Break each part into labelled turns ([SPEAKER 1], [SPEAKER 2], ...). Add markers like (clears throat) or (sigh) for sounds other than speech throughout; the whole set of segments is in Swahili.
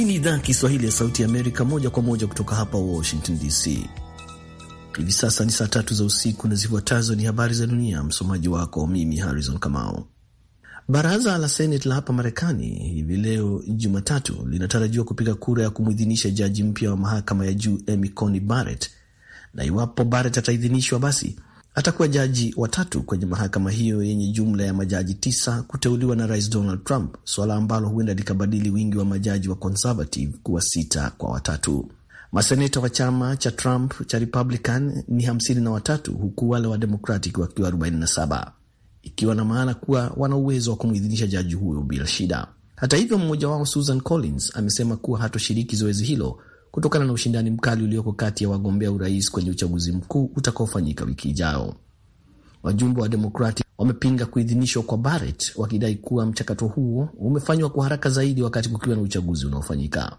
[SPEAKER 1] Hii ni idhaa ya Kiswahili ya Sauti ya Amerika, moja kwa moja kutoka hapa Washington DC. Hivi sasa ni saa tatu za usiku na zifuatazo ni habari za dunia. Msomaji wako mimi Harrison Kamau. Baraza la Seneti la hapa Marekani hivi leo Jumatatu linatarajiwa kupiga kura ya kumwidhinisha jaji mpya wa mahakama ya juu Amy Coney Barrett, na iwapo Barrett ataidhinishwa, basi Atakuwa jaji watatu kwenye mahakama hiyo yenye jumla ya majaji tisa kuteuliwa na Rais Donald Trump, suala ambalo huenda likabadili wingi wa majaji wa conservative kuwa sita kwa watatu. Maseneta wa chama cha Trump cha Republican ni hamsini na watatu huku wale wa Democratic wakiwa 47 ikiwa na maana kuwa wana uwezo wa kumwidhinisha jaji huyo bila shida. Hata hivyo, mmoja wao Susan Collins amesema kuwa hatoshiriki zoezi hilo kutokana na ushindani mkali ulioko kati ya wagombea urais kwenye uchaguzi mkuu utakaofanyika wiki ijayo. Wajumbe wa Demokrati wamepinga kuidhinishwa kwa Barrett wakidai kuwa mchakato huo umefanywa kwa haraka zaidi wakati kukiwa na uchaguzi unaofanyika.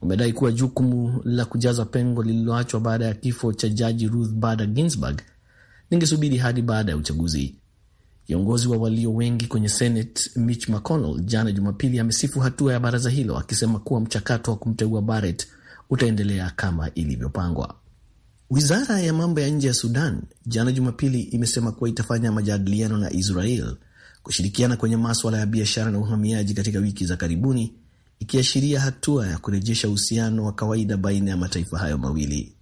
[SPEAKER 1] Wamedai kuwa jukumu la kujaza pengo lililoachwa baada ya kifo cha jaji Ruth Bader Ginsburg lingesubiri hadi baada ya uchaguzi Kiongozi wa walio wengi kwenye Senate Mitch McConnell jana Jumapili amesifu hatua ya baraza hilo akisema kuwa mchakato wa kumteua Barrett utaendelea kama ilivyopangwa. Wizara ya mambo ya nje ya Sudan jana Jumapili imesema kuwa itafanya majadiliano na Israel kushirikiana kwenye maswala ya biashara na uhamiaji katika wiki za karibuni, ikiashiria hatua ya kurejesha uhusiano wa kawaida baina ya mataifa hayo mawili,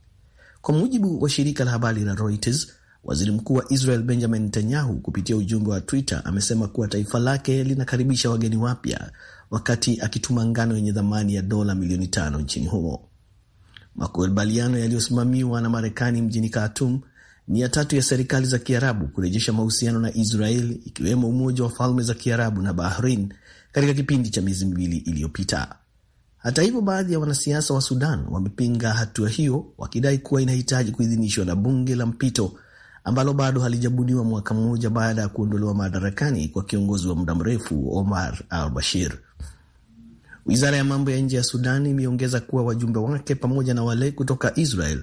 [SPEAKER 1] kwa mujibu wa shirika la habari la Reuters. Waziri Mkuu wa Israel Benjamin Netanyahu kupitia ujumbe wa Twitter amesema kuwa taifa lake linakaribisha wageni wapya, wakati akituma ngano yenye thamani ya dola milioni tano nchini humo. Makubaliano yaliyosimamiwa na Marekani mjini Khartoum ni ya tatu ya serikali za Kiarabu kurejesha mahusiano na Israel, ikiwemo Umoja wa Falme za Kiarabu na Bahrain katika kipindi cha miezi miwili iliyopita. Hata hivyo, baadhi ya wanasiasa wa Sudan wamepinga hatua hiyo, wakidai kuwa inahitaji kuidhinishwa na bunge la mpito ambalo bado halijabuniwa mwaka mmoja baada ya kuondolewa madarakani kwa kiongozi wa muda mrefu Omar al Bashir. Wizara ya mambo ya nje ya Sudan imeongeza kuwa wajumbe wake pamoja na wale kutoka Israel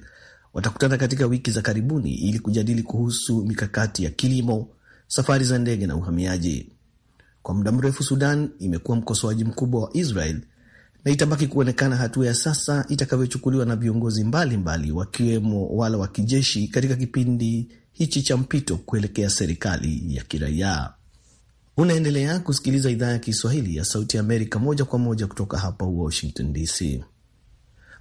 [SPEAKER 1] watakutana katika wiki za karibuni ili kujadili kuhusu mikakati ya kilimo, safari za ndege na uhamiaji. Kwa muda mrefu, Sudan imekuwa mkosoaji mkubwa wa Israel na itabaki kuonekana hatua ya sasa itakavyochukuliwa na viongozi mbalimbali wakiwemo wale wa kijeshi katika kipindi hichi cha mpito kuelekea serikali ya kiraia. Unaendelea kusikiliza idhaa ya Kiswahili ya Sauti ya Amerika moja kwa moja kutoka hapa Washington DC.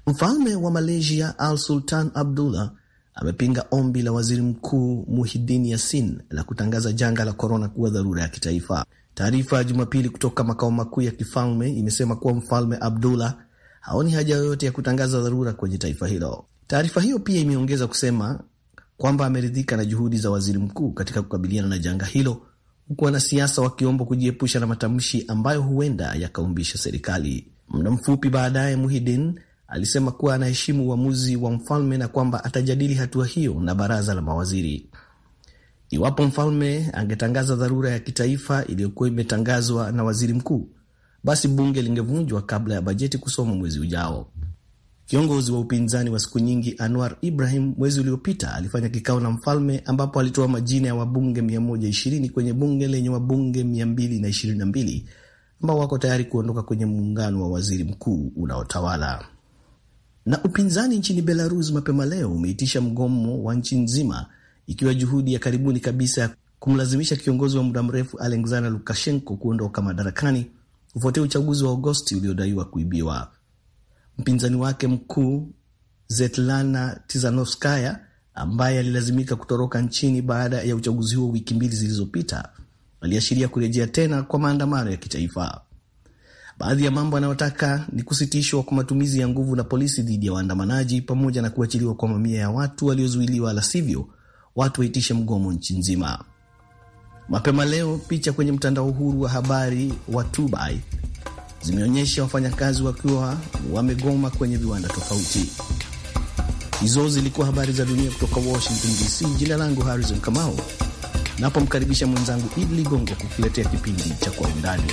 [SPEAKER 1] Mfalme wa Malaysia Al Sultan Abdullah amepinga ombi la waziri mkuu Muhidin Yasin la kutangaza janga la korona kuwa dharura ya kitaifa. Taarifa ya Jumapili kutoka makao makuu ya kifalme imesema kuwa mfalme Abdullah haoni haja yoyote ya kutangaza dharura kwenye taifa hilo. Taarifa hiyo pia imeongeza kusema kwamba ameridhika na juhudi za waziri mkuu katika kukabiliana na janga hilo, huku wanasiasa wakiombwa kujiepusha na matamshi ambayo huenda yakaumbisha serikali. Muda mfupi baadaye, Muhidin alisema kuwa anaheshimu uamuzi wa mfalme na kwamba atajadili hatua hiyo na baraza la mawaziri. Iwapo mfalme angetangaza dharura ya kitaifa iliyokuwa imetangazwa na waziri mkuu, basi bunge lingevunjwa kabla ya bajeti kusoma mwezi ujao. Kiongozi wa upinzani wa siku nyingi Anwar Ibrahim mwezi uliopita alifanya kikao na mfalme ambapo alitoa majina ya wabunge 120 kwenye bunge lenye wabunge 222 ambao wako tayari kuondoka kwenye muungano wa waziri mkuu unaotawala. Na upinzani nchini Belarus mapema leo umeitisha mgomo wa nchi nzima, ikiwa juhudi ya karibuni kabisa ya kumlazimisha kiongozi wa muda mrefu Alexander Lukashenko kuondoka madarakani kufuatia uchaguzi wa Agosti uliodaiwa kuibiwa mpinzani wake mkuu zetlana Tizanovskaya ambaye alilazimika kutoroka nchini baada ya uchaguzi huo wiki mbili zilizopita, aliashiria kurejea tena kwa maandamano ya kitaifa. Baadhi ya mambo anayotaka ni kusitishwa kwa matumizi ya nguvu na polisi dhidi ya waandamanaji pamoja na kuachiliwa kwa mamia ya watu waliozuiliwa, la sivyo watu waitishe mgomo nchi nzima. Mapema leo, picha kwenye mtandao huru wa habari wa Tubai zimeonyesha wafanyakazi wakiwa wamegoma kwenye viwanda tofauti. Hizo zilikuwa habari za dunia kutoka Washington DC. Jina langu Harrison Kamau, napomkaribisha mwenzangu Idi Ligongo kukuletea kipindi cha Kwa Undani.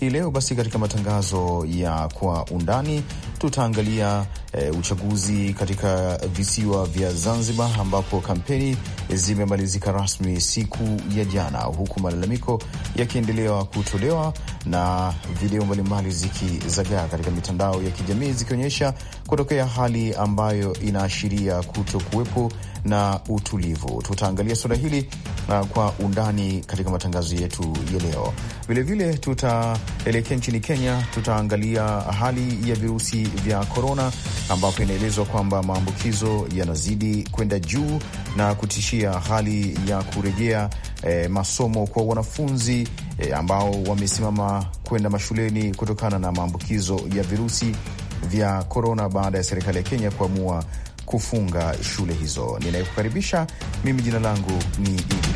[SPEAKER 2] Hii leo basi katika matangazo ya kwa undani tutaangalia e, uchaguzi katika visiwa vya Zanzibar ambapo kampeni zimemalizika rasmi siku ya jana, huku malalamiko yakiendelea kutolewa na video mbalimbali zikizagaa katika mitandao ya kijamii zikionyesha kutokea hali ambayo inaashiria kuto kuwepo na utulivu. Tutaangalia suala hili uh, kwa undani katika matangazo yetu ya leo. Vilevile tutaelekea nchini Kenya, tutaangalia hali ya virusi vya korona, ambapo inaelezwa kwamba maambukizo yanazidi kwenda juu na kutishia hali ya kurejea eh, masomo kwa wanafunzi eh, ambao wamesimama kwenda mashuleni kutokana na maambukizo ya virusi vya korona baada ya serikali ya Kenya kuamua kufunga shule hizo. Ninayekukaribisha mimi, jina langu ni Idi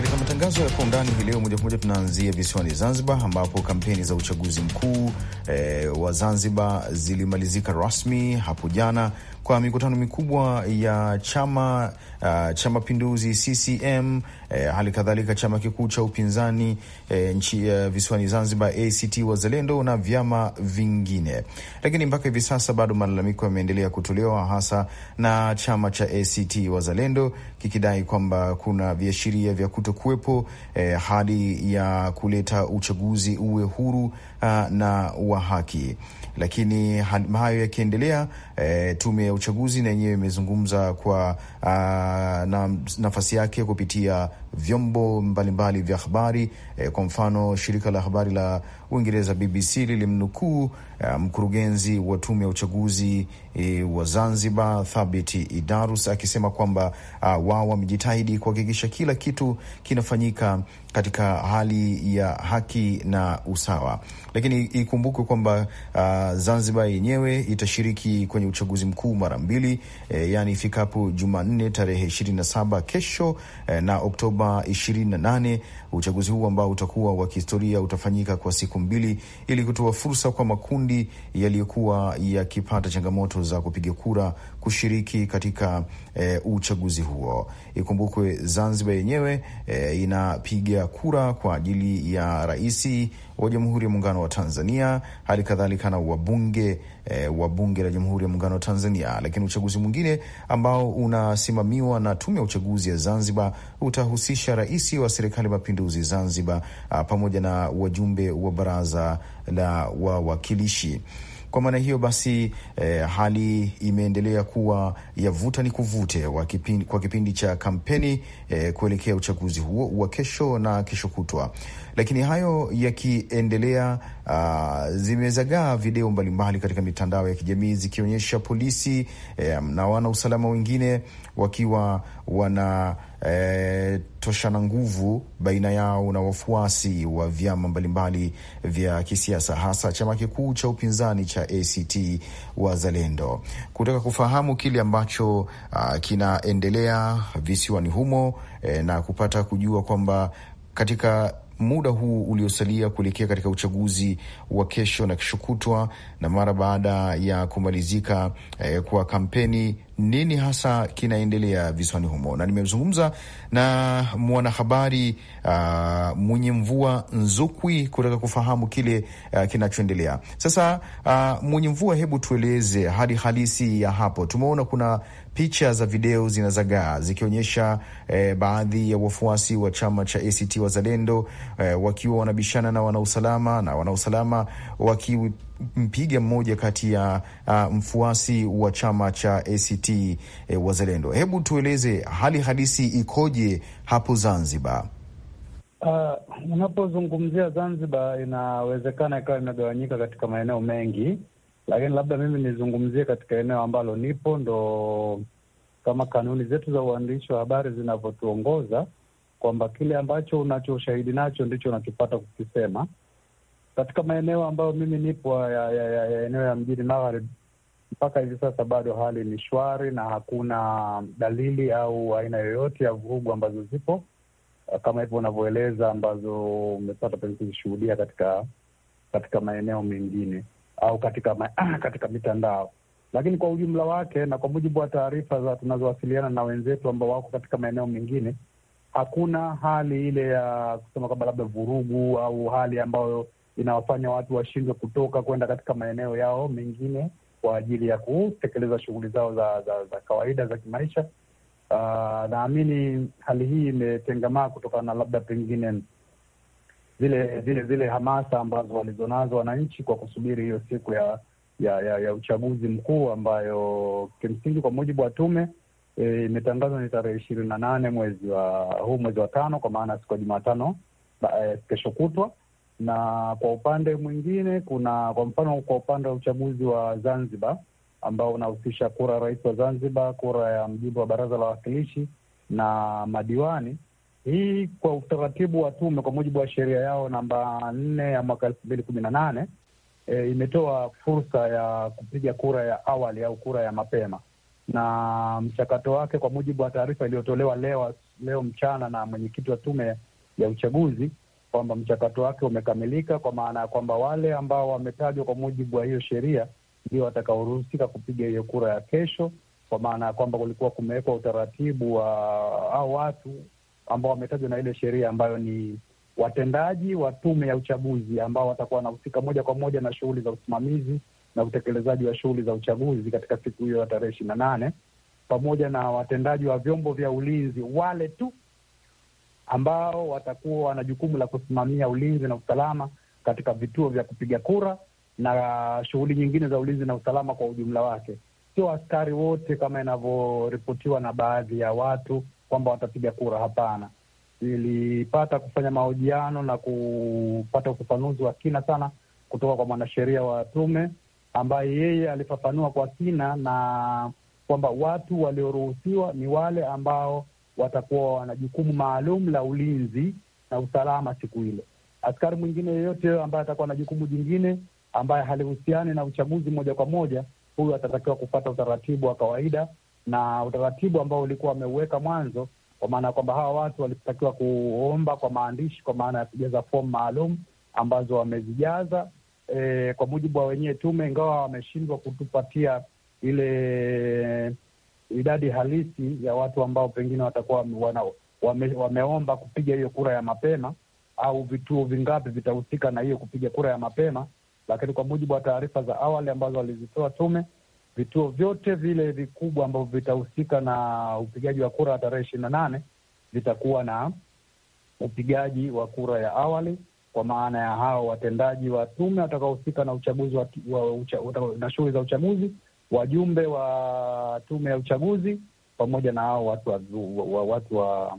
[SPEAKER 2] Katika matangazo ya kwa undani hii leo, moja kwa moja tunaanzia visiwani Zanzibar, ambapo kampeni za uchaguzi mkuu e, wa Zanzibar zilimalizika rasmi hapo jana kwa mikutano mikubwa ya chama uh, cha mapinduzi CCM, eh, hali e, kadhalika chama kikuu cha upinzani e, nchi uh, visiwani Zanzibar ACT Wazalendo na vyama vingine, lakini mpaka hivi sasa bado malalamiko yameendelea kutolewa hasa na chama cha ACT Wazalendo kikidai kwamba kuna viashiria vya kuto kutokuwepo eh, hali ya kuleta uchaguzi uwe huru uh, na wa haki. Lakini hayo yakiendelea, eh, tume ya uchaguzi na yenyewe imezungumza kwa uh, na nafasi yake kupitia vyombo mbalimbali vya habari eh, kwa mfano shirika la habari la Uingereza BBC lilimnukuu uh, mkurugenzi wa tume ya uchaguzi eh, wa Zanzibar Thabit Idarus akisema kwamba uh, wao wamejitahidi kuhakikisha kila kitu kinafanyika katika hali ya haki na usawa, lakini ikumbukwe kwamba uh, Zanzibar yenyewe itashiriki kwenye uchaguzi mkuu mara mbili eh, yani ifikapo Jumanne Jumanne tarehe 27 kesho eh, na Oktoba 28. Uchaguzi huu ambao utakuwa wa kihistoria utafanyika kwa siku mbili ili kutoa fursa kwa makundi yaliyokuwa yakipata changamoto za kupiga kura kushiriki katika e, uchaguzi huo. Ikumbukwe Zanzibar yenyewe e, inapiga kura kwa ajili ya raisi wa Jamhuri ya Muungano wa Tanzania, hali kadhalika na wabunge e, wa Bunge la Jamhuri ya Muungano wa Tanzania. Lakini uchaguzi mwingine ambao unasimamiwa na Tume ya Uchaguzi ya Zanzibar utahusisha rais wa Serikali ya Mapinduzi Zanzibar a, ah, pamoja na wajumbe wa Baraza la Wawakilishi. Kwa maana hiyo basi, eh, hali imeendelea kuwa ya vuta ni kuvute kipindi, kwa kipindi cha kampeni eh, kuelekea uchaguzi huo wa kesho na kesho kutwa. Lakini hayo yakiendelea, uh, zimezagaa video mbalimbali katika mitandao ya kijamii zikionyesha polisi eh, na wana usalama wengine wakiwa wana e, toshana nguvu baina yao na wafuasi wa vyama mbalimbali vya kisiasa hasa chama kikuu cha upinzani cha ACT Wazalendo. Kutaka kufahamu kile ambacho uh, kinaendelea visiwani humo e, na kupata kujua kwamba katika muda huu uliosalia kuelekea katika uchaguzi wa kesho na kesho kutwa na mara baada ya kumalizika eh, kwa kampeni nini hasa kinaendelea visiwani humo, na nimezungumza na mwanahabari uh, mwenye mvua Nzukwi kutaka kufahamu kile uh, kinachoendelea sasa. Uh, mwenye mvua, hebu tueleze hali halisi ya hapo. Tumeona kuna picha za video zinazagaa zikionyesha eh, baadhi ya wafuasi wa chama cha ACT Wazalendo eh, wakiwa wanabishana na wanausalama na wanausalama wakiwa mpige mmoja kati ya uh, mfuasi wa chama cha ACT e, Wazalendo. Hebu tueleze hali halisi ikoje hapo Zanzibar?
[SPEAKER 3] Uh, unapozungumzia Zanzibar, inawezekana ikawa imegawanyika katika maeneo mengi, lakini labda mimi nizungumzie katika eneo ambalo nipo, ndo kama kanuni zetu za uandishi wa habari zinavyotuongoza kwamba kile ambacho unacho ushahidi nacho ndicho unachopata kukisema katika maeneo ambayo mimi nipo ya, ya, ya, ya eneo ya mjini magharibi mpaka hivi sasa bado hali ni shwari na hakuna dalili au aina yoyote ya vurugu ambazo zipo eh, kama hivyo unavyoeleza ambazo umepata pengine kuzishuhudia katika katika maeneo mengine au katika ma, (clears throat) katika mitandao. Lakini kwa ujumla wake na kwa mujibu wa taarifa za tunazowasiliana na wenzetu ambao wako katika maeneo mengine, hakuna hali ile ya kusema kwamba labda vurugu au hali ambayo inawafanya watu washindwe kutoka kwenda katika maeneo yao mengine kwa ajili ya kutekeleza shughuli zao za, za, za kawaida za kimaisha. Uh, naamini hali hii imetengamaa kutokana na labda pengine zile zile zile hamasa ambazo walizonazo wananchi kwa kusubiri hiyo siku ya ya, ya, ya uchaguzi mkuu ambayo kimsingi kwa mujibu wa tume e, imetangazwa e, ni tarehe ishirini na nane mwezi wa huu mwezi wa tano, kwa maana siku ya Jumatano e, kesho kutwa na kwa upande mwingine kuna kwa mfano, kwa upande wa uchaguzi wa Zanzibar ambao unahusisha kura ya rais wa Zanzibar, kura ya mjumbe wa baraza la wawakilishi na madiwani. Hii kwa utaratibu wa tume kwa mujibu wa sheria yao namba nne ya mwaka elfu mbili kumi na nane e, imetoa fursa ya kupiga kura ya awali au kura ya mapema, na mchakato wake kwa mujibu wa taarifa iliyotolewa leo, leo mchana na mwenyekiti wa tume ya uchaguzi kwamba mchakato wake umekamilika, kwa maana ya kwamba wale ambao wametajwa kwa mujibu wa hiyo sheria ndio watakaoruhusika kupiga hiyo kura ya kesho, kwa maana ya kwamba kulikuwa kumewekwa utaratibu wa au watu ambao wametajwa na ile sheria ambayo ni watendaji wa tume ya uchaguzi ambao watakuwa wanahusika moja kwa moja na shughuli za usimamizi na utekelezaji wa shughuli za uchaguzi katika siku hiyo ya tarehe ishirini na nane pamoja na watendaji wa vyombo vya ulinzi wale tu ambao watakuwa wana jukumu la kusimamia ulinzi na usalama katika vituo vya kupiga kura na shughuli nyingine za ulinzi na usalama kwa ujumla wake. Sio askari wote kama inavyoripotiwa na baadhi ya watu kwamba watapiga kura. Hapana, nilipata kufanya mahojiano na kupata ufafanuzi wa kina sana kutoka kwa mwanasheria wa tume ambaye yeye alifafanua kwa kina na kwamba watu walioruhusiwa ni wale ambao watakuwa wana jukumu maalum la ulinzi na usalama siku ile. Askari mwingine yeyote ambaye atakuwa na jukumu jingine ambaye halihusiani na uchaguzi moja kwa moja, huyu atatakiwa kufata utaratibu wa kawaida na utaratibu ambao ulikuwa wameuweka mwanzo, kwa maana ya kwamba hawa watu walitakiwa kuomba kwa maandishi, kwa maana ya kujaza fomu maalum ambazo wamezijaza e, kwa mujibu wa wenyewe tume, ingawa wameshindwa kutupatia ile idadi halisi ya watu ambao pengine watakuwa wame, wameomba kupiga hiyo kura ya mapema au vituo vingapi vitahusika na hiyo kupiga kura ya mapema. Lakini kwa mujibu wa taarifa za awali ambazo walizitoa tume, vituo vyote vile vikubwa ambavyo vitahusika na upigaji wa kura tarehe ishirini na nane vitakuwa na upigaji wa kura ya awali kwa maana ya hao watendaji wa tume watakaohusika na uchaguzi wa, wa ucha, na shughuli za uchaguzi wajumbe wa tume ya uchaguzi pamoja na hao watu wa, wa, watu wa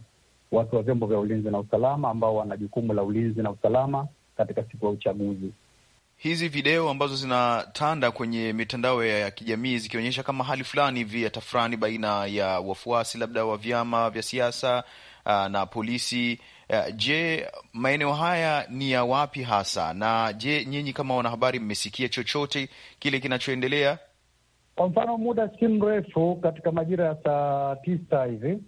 [SPEAKER 3] watu wa vyombo vya ulinzi na usalama ambao wana jukumu la ulinzi na usalama katika siku ya uchaguzi.
[SPEAKER 2] Hizi video ambazo zinatanda kwenye mitandao ya kijamii zikionyesha kama hali fulani hivi ya baina ya wafuasi labda wa vyama vya siasa na polisi. Je, maeneo haya ni ya wapi hasa? Na je, nyinyi kama wanahabari mmesikia chochote kile kinachoendelea?
[SPEAKER 3] Kwa mfano, muda si mrefu, katika majira ya saa tisa hivi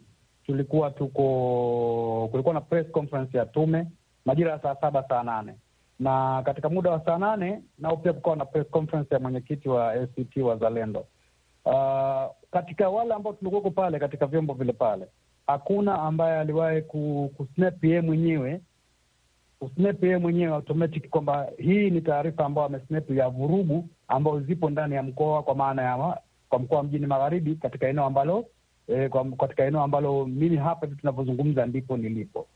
[SPEAKER 3] tulikuwa tuko, kulikuwa na press conference ya tume majira ya saa saba saa nane na katika muda wa saa nane nao pia kukawa na press conference ya mwenyekiti wa ACT Wazalendo. Uh, katika wale ambao tulikuwako pale katika vyombo vile pale hakuna ambaye aliwahi kusnap yeye mwenyewe usnap yeye mwenyewe automatic kwamba hii ni taarifa ambayo amesnap ya vurugu ambayo zipo ndani ya mkoa, kwa maana ya kwa mkoa wa mjini magharibi, katika eneo ambalo e, kwa, katika eneo ambalo mimi hapa hivi tunavyozungumza ndipo nilipo.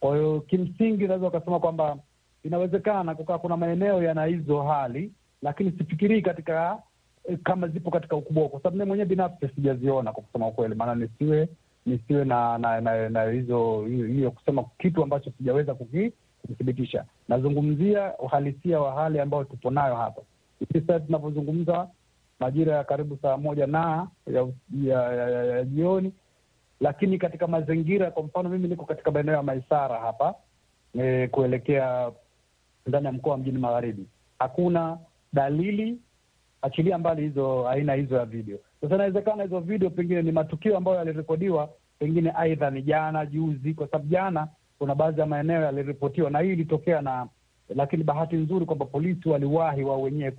[SPEAKER 3] Kwa hiyo kimsingi unaweza ukasema kwamba inawezekana kukaa kuna maeneo yana hizo hali, lakini sifikirii katika eh, kama zipo katika ukubwa, kwa sababu mi mwenyewe binafsi sijaziona kwa kusema ukweli, maana nisiwe nisiwe na na, na, na hizo hiyo kusema kitu ambacho sijaweza kuki kuthibitisha. Nazungumzia uhalisia wa hali ambayo tupo nayo hapa hivi sasa tunavyozungumza, majira ya karibu saa moja na ya, ya, ya, ya, ya jioni, lakini katika mazingira, kwa mfano mimi niko katika maeneo ya Maisara hapa e, kuelekea ndani ya mkoa wa Mjini Magharibi, hakuna dalili, achilia mbali hizo aina hizo ya video. Sasa inawezekana hizo video pengine ni matukio ambayo yalirekodiwa pengine aidha ni jana juzi, kwa sababu jana kuna baadhi ya maeneo yaliripotiwa, na hii ilitokea na, lakini bahati nzuri kwamba polisi waliwahi wao wenyewe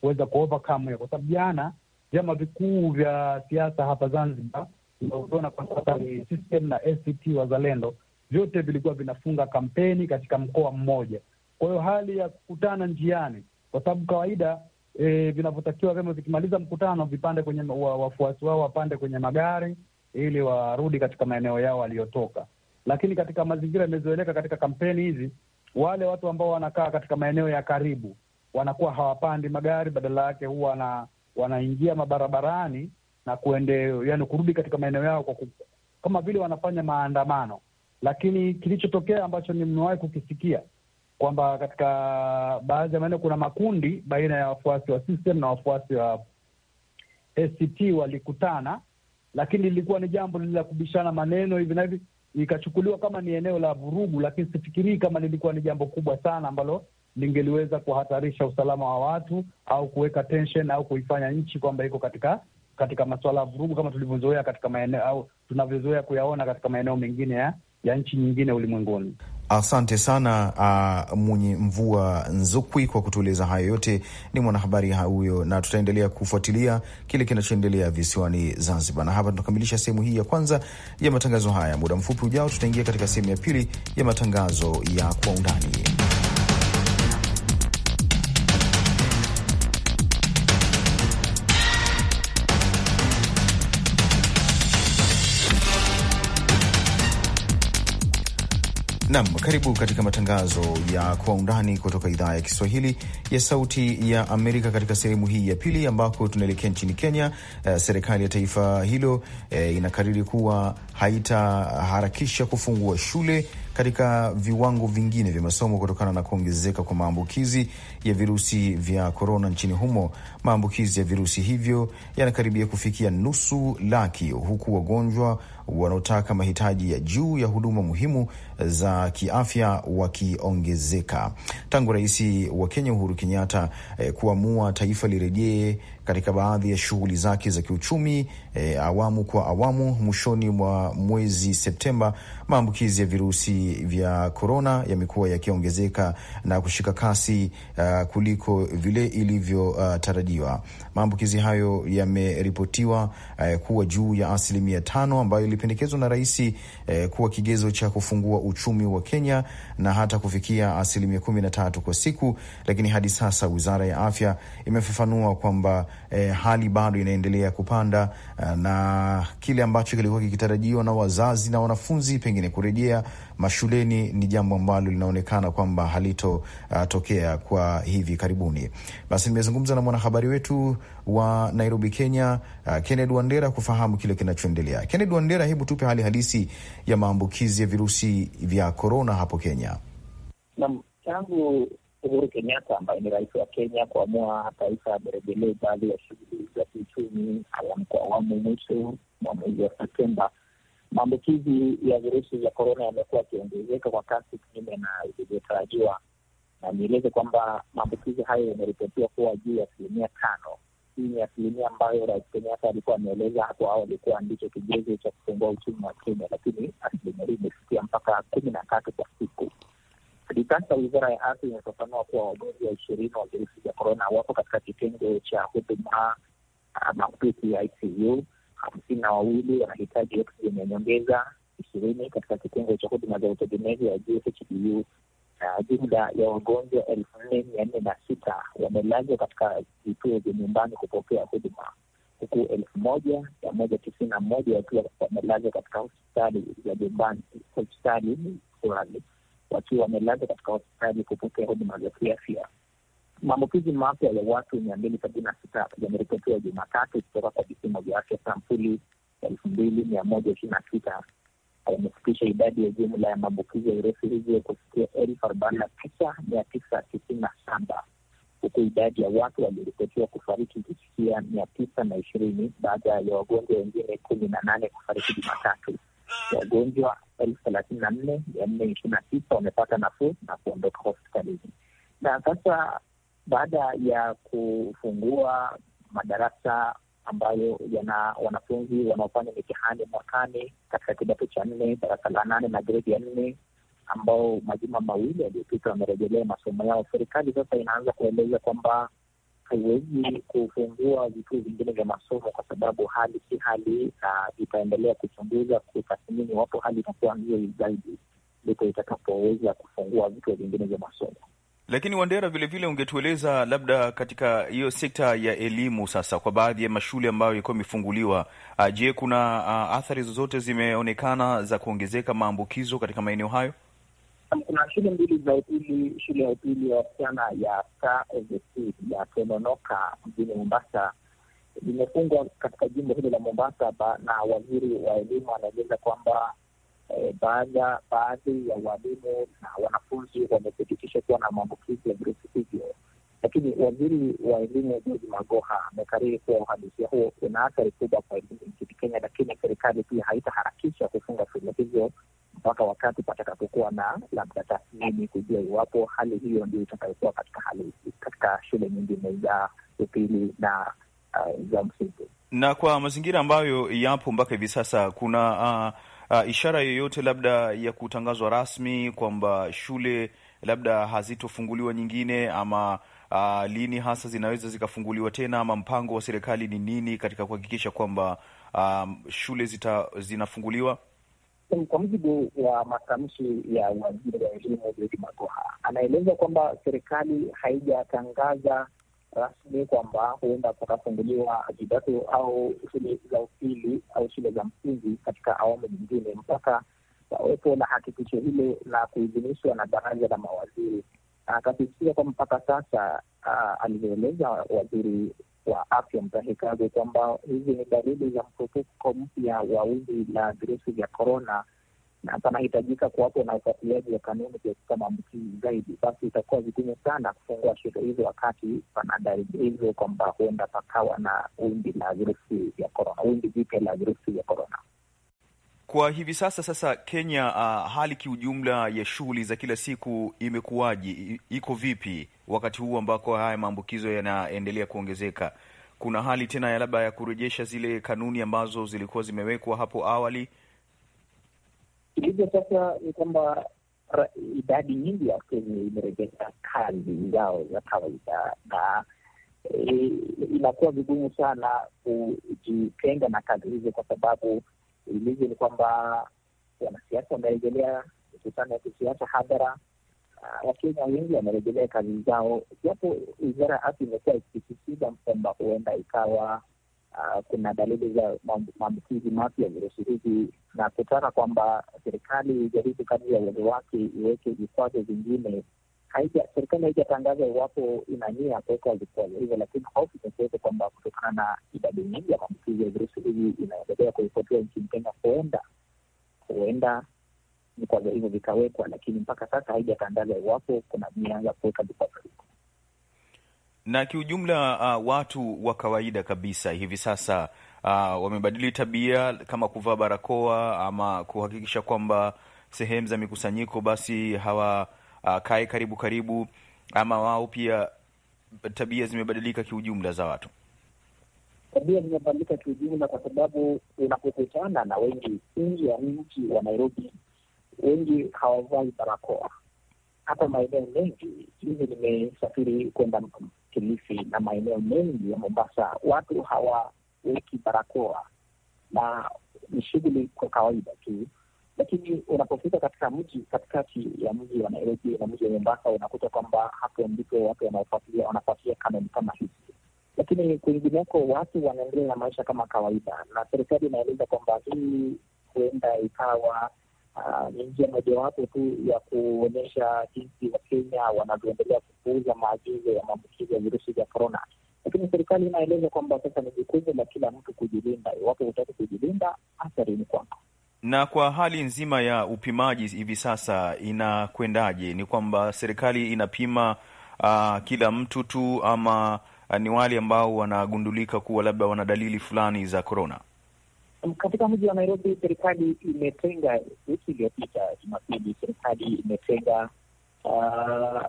[SPEAKER 3] kuweza ku, kuovercome kwa sababu jana vyama vikuu vya siasa hapa Zanzibar unaoona kwa sasa ni CCM na ACT Wazalendo vyote vilikuwa vinafunga kampeni katika mkoa mmoja. Kwa hiyo hali ya kukutana njiani, kwa sababu kawaida e, vinavyotakiwa vyama vikimaliza mkutano vipande kwenye wafuasi wao wapande kwenye magari ili warudi katika maeneo yao waliyotoka lakini katika mazingira yamezoeleka katika kampeni hizi, wale watu ambao wanakaa katika maeneo ya karibu wanakuwa hawapandi magari, badala yake huwa wana, wanaingia mabarabarani na kuende, yani kurudi katika maeneo yao kwa kuku, kama vile wanafanya maandamano. Lakini kilichotokea ambacho nimewahi kukisikia kwamba katika baadhi ya maeneo kuna makundi baina ya wafuasi wa system na wafuasi wa ACT walikutana, lakini lilikuwa ni jambo la kubishana maneno hivi na hivi ikachukuliwa kama ni eneo la vurugu, lakini sifikirii kama lilikuwa ni jambo kubwa sana ambalo lingeliweza kuhatarisha usalama wa watu au kuweka tension au kuifanya nchi kwamba iko katika katika masuala ya vurugu kama tulivyozoea katika maeneo au tunavyozoea kuyaona katika maeneo mengine ya ya nchi nyingine ulimwenguni.
[SPEAKER 2] Asante sana uh, Mwenye Mvua Nzukwi kwa kutueleza hayo yote. Ni mwanahabari huyo, na tutaendelea kufuatilia kile kinachoendelea visiwani Zanzibar. Na hapa tunakamilisha sehemu hii ya kwanza ya matangazo haya. Muda mfupi ujao, tutaingia katika sehemu ya pili ya matangazo ya Kwa Undani. Nam, karibu katika matangazo ya kwa undani kutoka idhaa ya Kiswahili ya Sauti ya Amerika katika sehemu hii ya pili, ambako tunaelekea nchini Kenya. Uh, serikali ya taifa hilo uh, inakariri kuwa haitaharakisha kufungua shule katika viwango vingine vya masomo kutokana na kuongezeka kwa maambukizi ya virusi vya korona nchini humo. Maambukizi ya virusi hivyo yanakaribia kufikia nusu laki, huku wagonjwa wanaotaka mahitaji ya juu ya huduma muhimu za kiafya wakiongezeka tangu Rais wa Kenya Uhuru Kenyatta eh, kuamua taifa lirejee katika baadhi ya shughuli zake za kiuchumi eh, awamu kwa awamu. Mwishoni mwa mwezi Septemba, maambukizi ya virusi vya korona yamekuwa yakiongezeka na kushika kasi uh, kuliko vile ilivyotarajiwa. Eh, uh, maambukizi hayo yameripotiwa uh, kuwa juu ya asilimia tano ambayo yalipendekezwa na rais eh, kuwa kigezo cha kufungua uchumi wa Kenya na hata kufikia asilimia kumi na tatu kwa siku, lakini hadi sasa wizara ya afya imefafanua kwamba eh, hali bado inaendelea kupanda eh, na kile ambacho kilikuwa kikitarajiwa na wazazi na wanafunzi pengine kurejea mashuleni ni jambo ambalo linaonekana kwamba halitotokea uh, kwa hivi karibuni. Basi nimezungumza na mwanahabari wetu wa Nairobi, Kenya, uh, Kennedy Wandera kufahamu kile kinachoendelea. Kennedy Wandera, hebu tupe hali halisi ya maambukizi ya virusi vya korona hapo Kenya.
[SPEAKER 1] Naam, tangu
[SPEAKER 4] Uhuru Kenyatta ambaye ni rais wa Kenya kuamua taifa amerejelee baadhi ya shughuli za kiuchumi kwa awamu mwisho mwa mwezi wa Septemba maambukizi ya virusi vya korona yamekuwa yakiongezeka kwa kasi kinyume na ilivyotarajiwa, na nieleze kwamba maambukizi hayo yameripotiwa kuwa juu ya asilimia tano. Hii ni asilimia ambayo Rais Kenyatta alikuwa ameeleza hapo awali kuwa ndicho kigezo cha kufungua uchumi wa Kenya, lakini asilimia hii imefikia mpaka kumi na tatu kwa siku. Hadi sasa wizara ya afya imefafanua kuwa wagonjwa ishirini wa virusi vya korona wapo katika kitengo cha huduma uh, mahututi ya ICU hamsini na wawili wanahitaji oksijeni ya nyongeza ishirini katika kitengo cha huduma za utegemezi wa juu na jumla ya wagonjwa elfu nne mia nne na sita wamelazwa katika vituo vya nyumbani kupokea huduma huku elfu moja mia moja tisini na moja wakiwa wamelazwa katika hospitali za nyumbani hospitali fulani wakiwa wamelazwa katika hospitali kupokea huduma za kiafya. Maambukizi mapya ya watu mia mbili sabini na sita yameripotiwa Jumatatu kutoka kwa vipimo vya afya sampuli elfu mbili mia moja ishirini na sita yamefikisha idadi ya jumla ya maambukizi ya virusi hivyo kufikia elfu arobaini na tisa mia tisa tisini na saba huku idadi ya watu walioripotiwa kufariki ikifikia mia tisa na ishirini baada ya wagonjwa wengine kumi na nane kufariki Jumatatu. Wagonjwa elfu thelathini na nne mia nne ishirini na tisa wamepata nafuu na kuondoka hospitalini. Na sasa baada ya kufungua madarasa ambayo yana wanafunzi wanaofanya mitihani mwakani katika kidato cha nne, darasa la nane na gredi ya nne, ambao majuma mawili yaliyopita wamerejelea masomo yao. Serikali sasa inaanza kueleza kwamba haiwezi kufungua vituo vingine vya masomo kwa sababu hali si hali, na itaendelea kuchunguza, kutathmini iwapo hali itakuwa nzuri zaidi ndipo itakapoweza kufungua vituo vingine vya masomo.
[SPEAKER 2] Lakini Wandera, vilevile ungetueleza labda katika hiyo sekta ya elimu sasa, kwa baadhi ya mashule ambayo ilikuwa imefunguliwa, ah, je, kuna ah, athari zozote zimeonekana za kuongezeka maambukizo katika maeneo hayo?
[SPEAKER 4] Kuna shule mbili za upili, shule ya upili ya wasichana ya ya Tononoka mjini Mombasa limefungwa katika jimbo hilo la Mombasa, na waziri wa elimu anaeleza kwamba Eh, baada baadhi ya walimu na wanafunzi wamethibitishwa kuwa na maambukizi ya virusi hivyo, lakini waziri wa elimu George Magoha amekariri kuwa uhalisia huo una athari kubwa kwa elimu nchini Kenya, lakini serikali pia haitaharakisha kufunga shule hizo mpaka wakati patakapokuwa na labda tathmini kujua iwapo hali hiyo ndio itakayokuwa katika hali katika shule nyingine za upili na uh, za msingi.
[SPEAKER 2] Na kwa mazingira ambayo yapo mpaka hivi sasa kuna uh uh, ishara yoyote labda ya kutangazwa rasmi kwamba shule labda hazitofunguliwa nyingine ama Uh, lini hasa zinaweza zikafunguliwa tena ama mpango wa serikali ni nini katika kuhakikisha kwamba um, shule zita, zinafunguliwa?
[SPEAKER 4] Kwa mujibu wa matamshi ya waziri wa elimu Jumamosi, anaeleza kwamba serikali haijatangaza rasmi kwamba huenda pakafunguliwa jidatu au shule za upili au shule za msingi katika awamu nyingine mpaka pawepo na hakikisho hilo la kuidhinishwa na baraza la mawaziri. Akasisitiza kwamba mpaka sasa, alivyoeleza waziri wa afya Mutahi Kagwe, kwamba hizi ni dalili za mkurupuko mpya wa wimbi la virusi vya korona na panahitajika kuwapo na ufuatiliaji wa kanuni kuepuka maambukizi zaidi, basi itakuwa vigumu sana kufungua shule hizo wakati pana dalili hizo kwamba huenda pakawa na wimbi la virusi vya korona, wimbi jipya la virusi vya korona.
[SPEAKER 2] Kwa hivi sasa sasa Kenya, uh, hali kiujumla ya shughuli za kila siku imekuwaje? Iko vipi wakati huu ambako haya maambukizo yanaendelea kuongezeka? Kuna hali tena ya labda ya kurejesha zile kanuni ambazo zilikuwa zimewekwa hapo awali
[SPEAKER 4] Hivyo sasa ni kwamba idadi nyingi ya Wakenya imerejesha kazi zao za kawaida na e, inakuwa vigumu sana kujitenga na kazi hizo, kwa sababu ilivyo ni kwamba wanasiasa wamerejelea mikutano ya kisiasa hadhara. Wakenya wengi wamerejelea kazi zao, japo wizara ya afya imekuwa ikisisitiza kwamba huenda ikawa uh, kuna dalili za maambukizi mapya ya virusi hivi, na kutaka kwamba serikali ijaribu kadri ya uwezo wake iweke vikwazo vingine. Serikali haijatangaza iwapo ina nia kuweka vikwazo hivyo, lakini hofu imekuwepo kwamba kutokana na idadi nyingi ya maambukizi ya virusi hivi inaendelea kuripotiwa nchini Kenya, huenda huenda vikwazo hivyo vikawekwa, lakini mpaka sasa haijatangaza iwapo kuna nia ya kuweka vikwazo hivyo
[SPEAKER 2] na kiujumla, uh, watu wa kawaida kabisa hivi sasa uh, wamebadili tabia kama kuvaa barakoa ama kuhakikisha kwamba sehemu za mikusanyiko basi hawakae uh, karibu karibu, ama wao pia tabia zimebadilika kiujumla za watu
[SPEAKER 4] tabia zimebadilika kiujumla, kwa sababu unapokutana na wengi nje ya mji wa Nairobi, wengi hawavai barakoa. hata maeneo mengi hivi, nimesafiri kwenda Kilifi na maeneo mengi ya Mombasa watu hawaweki barakoa na ni shughuli kwa kawaida tu, lakini unapofika katika mji katikati ya mji wa Nairobi na mji wa Mombasa unakuta kwamba hapo ndipo watu wanaofuatilia wanafuatilia kanuni kama hizi, lakini kwingineko watu wanaendelea na maisha kama kawaida, na serikali inaeleza kwamba hii huenda ikawa Ah, ni njia mojawapo tu ya kuonyesha jinsi Wakenya wanavyoendelea kupuuza maagizo ya maambukizi ya virusi vya korona. Lakini serikali inaeleza kwamba sasa ni jukumu la kila mtu kujilinda. Iwapo hutaki kujilinda, athari ni kwako.
[SPEAKER 2] Na kwa hali nzima ya upimaji hivi sasa inakwendaje? Ni kwamba serikali inapima uh, kila mtu tu ama uh, ni wale ambao wanagundulika kuwa labda wana dalili fulani za korona?
[SPEAKER 4] Um, katika mji wa Nairobi, serikali imetenga, wiki iliyopita Jumapili, serikali imetenga uh,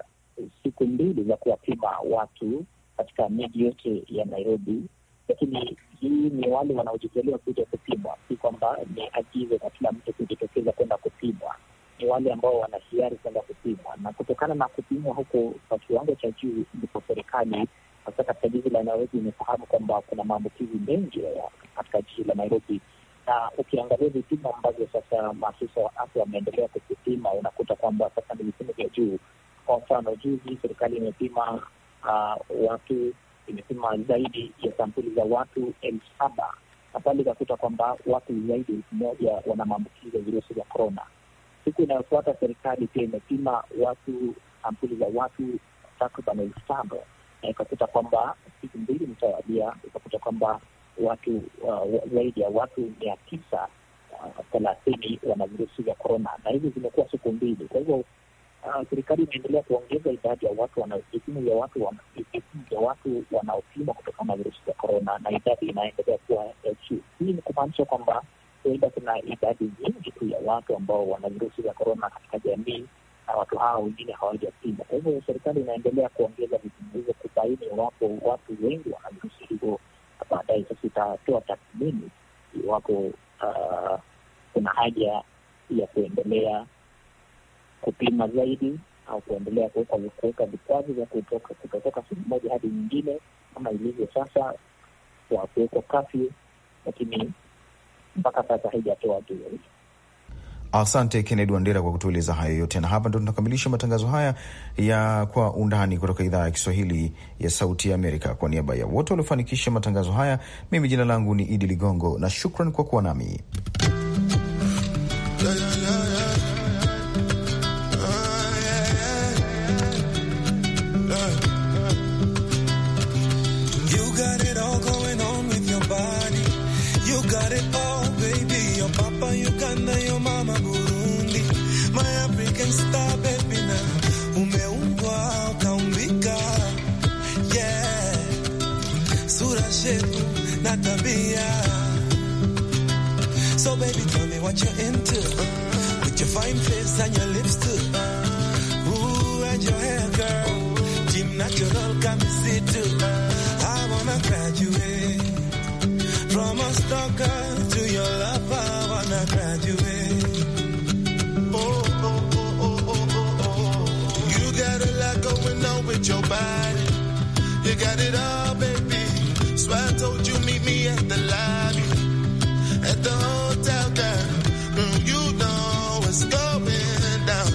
[SPEAKER 4] siku mbili za kuwapima watu katika miji yote ya Nairobi, lakini hii ni wale wanaojitolea kuja kupimwa, si kwamba ni agizo kwa kila mtu kujitokeza kwenda kupimwa. Ni wale ambao wana hiari kwenda kupimwa, na kutokana na kupimwa huko kwa kiwango cha juu, ndipo serikali hasa katika jiji la Nairobi imefahamu kwamba kuna maambukizi mengi ya katika jiji la Nairobi, na ukiangalia vipimo ambavyo sasa maafisa wa afya wameendelea kuvipima, unakuta kwamba sasa ni vipimo vya juu. Kwa mfano, juzi serikali imepima uh, watu imepima zaidi ya sampuli za watu elfu saba na pale ikakuta kwamba watu zaidi elfu moja wana maambukizi ya virusi vya korona. Siku inayofuata serikali pia imepima watu sampuli za watu takriban elfu tano na ikakuta kwamba siku mbili mtawalia, ikakuta kwamba watu uh, zaidi ya watu mia tisa uh, thelathini wana virusi vya korona, na hizi zimekuwa siku mbili. Kwa hivyo uh, serikali imeendelea kuongeza idadi ya watu vipimo vya watu wanaopimwa kutokana na virusi vya korona, na idadi inaendelea kuwa ya juu. Hii ni kumaanisha kwamba huenda kuna idadi nyingi tu ya watu ambao wana virusi vya korona katika jamii na watu hawa wengine hawajapimwa. Kwa hivyo serikali inaendelea kuongeza vipimo hivyo kubaini iwapo watu wengi wana virusi hivyo baadaye. Sasa itatoa tathmini iwapo uh, kuna haja ya kuendelea kupima zaidi au kuendelea kuweka vikwazo vya kutoka kutotoka sehemu moja hadi nyingine kama ilivyo sasa kwa kuwekwa kafyu, lakini mpaka sasa haijatoa tu
[SPEAKER 2] Asante Kennedy Wandera kwa kutueleza hayo yote, na hapa ndo tunakamilisha matangazo haya ya Kwa Undani kutoka idhaa ya Kiswahili ya Sauti ya Amerika. Kwa niaba ya wote waliofanikisha matangazo haya, mimi jina langu ni Idi Ligongo na shukran kwa kuwa nami.
[SPEAKER 5] So baby, tell me what you're into. With your fine face and your lips too. Ooh, and your hair, girl. Team natural, come see too. I wanna graduate. From a stalker to your lover, I wanna graduate. with your body. You got it all, baby. So I told you meet me at the lobby, at the hotel, girl. Mm, you know what's going down.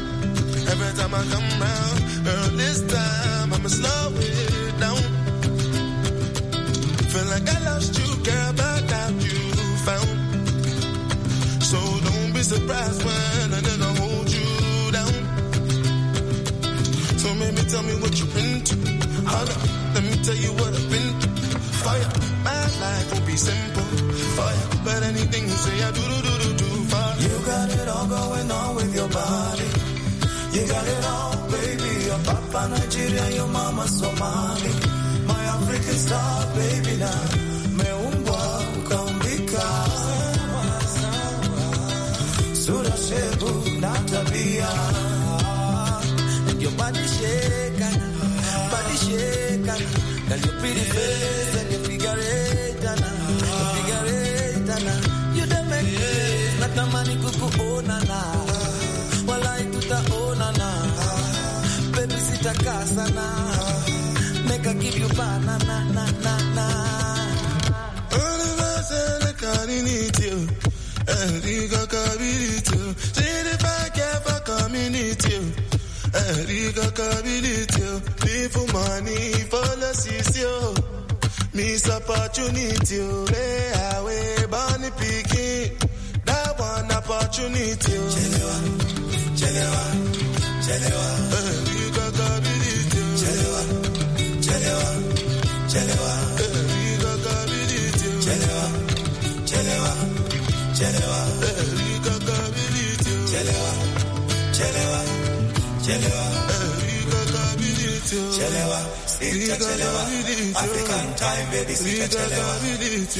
[SPEAKER 5] Every time I come round, girl, this time I'ma slow it down. Feel like I lost you, girl, but now you found. So don't be surprised when I tell me what you've been to. Holla, let me tell you what I've been through. Fire, my life will not be simple. Fire, but anything you say, I do do do do do. Fire. You got it all going on with your body. You got it all, baby. Your papa Nigeria, your mama Somali. My African star, baby now. Meumbwa ukaumbika. Sura shebu na tabia your body shaking, body shaking. Girl, your pretty face and your figure eight, and your figure eight, and you the make me not a man who could own a na. While I do the own a na, baby sit a casa na. Make I give you banana na na na. Universal, I can't need you. And you got to be it too. See the back of a community. Miss opportunity, lay away, bunny picking. That one opportunity. Chelewa, chelewa, chelewa. You got ability. Chelewa, chelewa, chelewa. You got ability. Chelewa, chelewa, chelewa. Chelewa, Chelewa, Chelewa, African time, baby, Chelewa.